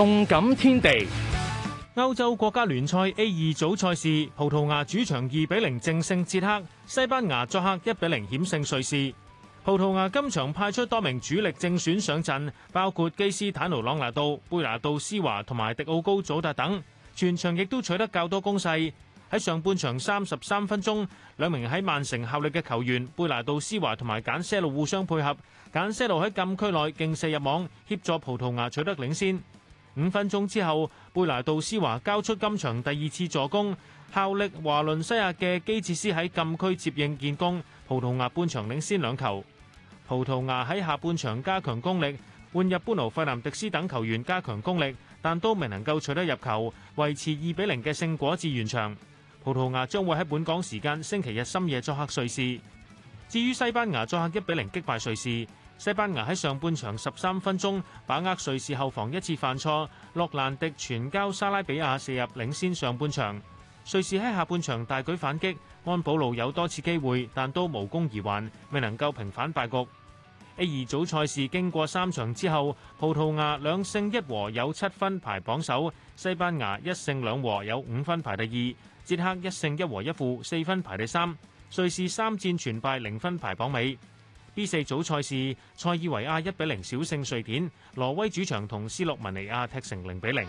動感天地，歐洲國家聯賽 A 二組賽事，葡萄牙主場二比零淨勝捷克，西班牙作客一比零險勝瑞士。葡萄牙今場派出多名主力正選上陣，包括基斯坦奴朗拿度、貝拿度斯華同埋迪奧高祖達等。全場亦都取得較多攻勢。喺上半場三十三分鐘，兩名喺曼城效力嘅球員貝拿度斯華同埋簡些路互相配合，簡些路喺禁區內勁射入網，協助葡萄牙取得領先。五分鐘之後，貝拿杜斯華交出今場第二次助攻，效力華倫西亞嘅基捷斯喺禁區接應建功，葡萄牙半場領先兩球。葡萄牙喺下半場加強攻力，換入般奴費南迪斯等球員加強攻力，但都未能夠取得入球，維持二比零嘅勝果至完場。葡萄牙將會喺本港時間星期日深夜作客瑞士。至於西班牙作客一比零擊敗瑞士，西班牙喺上半場十三分鐘把握瑞士後防一次犯錯，洛蘭迪傳交沙拉比亞射入領先上半場。瑞士喺下半場大舉反擊，安保路有多次機會，但都無功而還，未能夠平反敗局。A 二組賽事經過三場之後，葡萄牙兩勝一和有七分排榜首，西班牙一勝兩和有五分排第二，捷克一勝一和一負四分排第三。瑞士三戰全敗，零分排榜尾。B 四組賽事，塞爾維亞一比零小勝瑞典，挪威主場同斯洛文尼亞踢成零比零。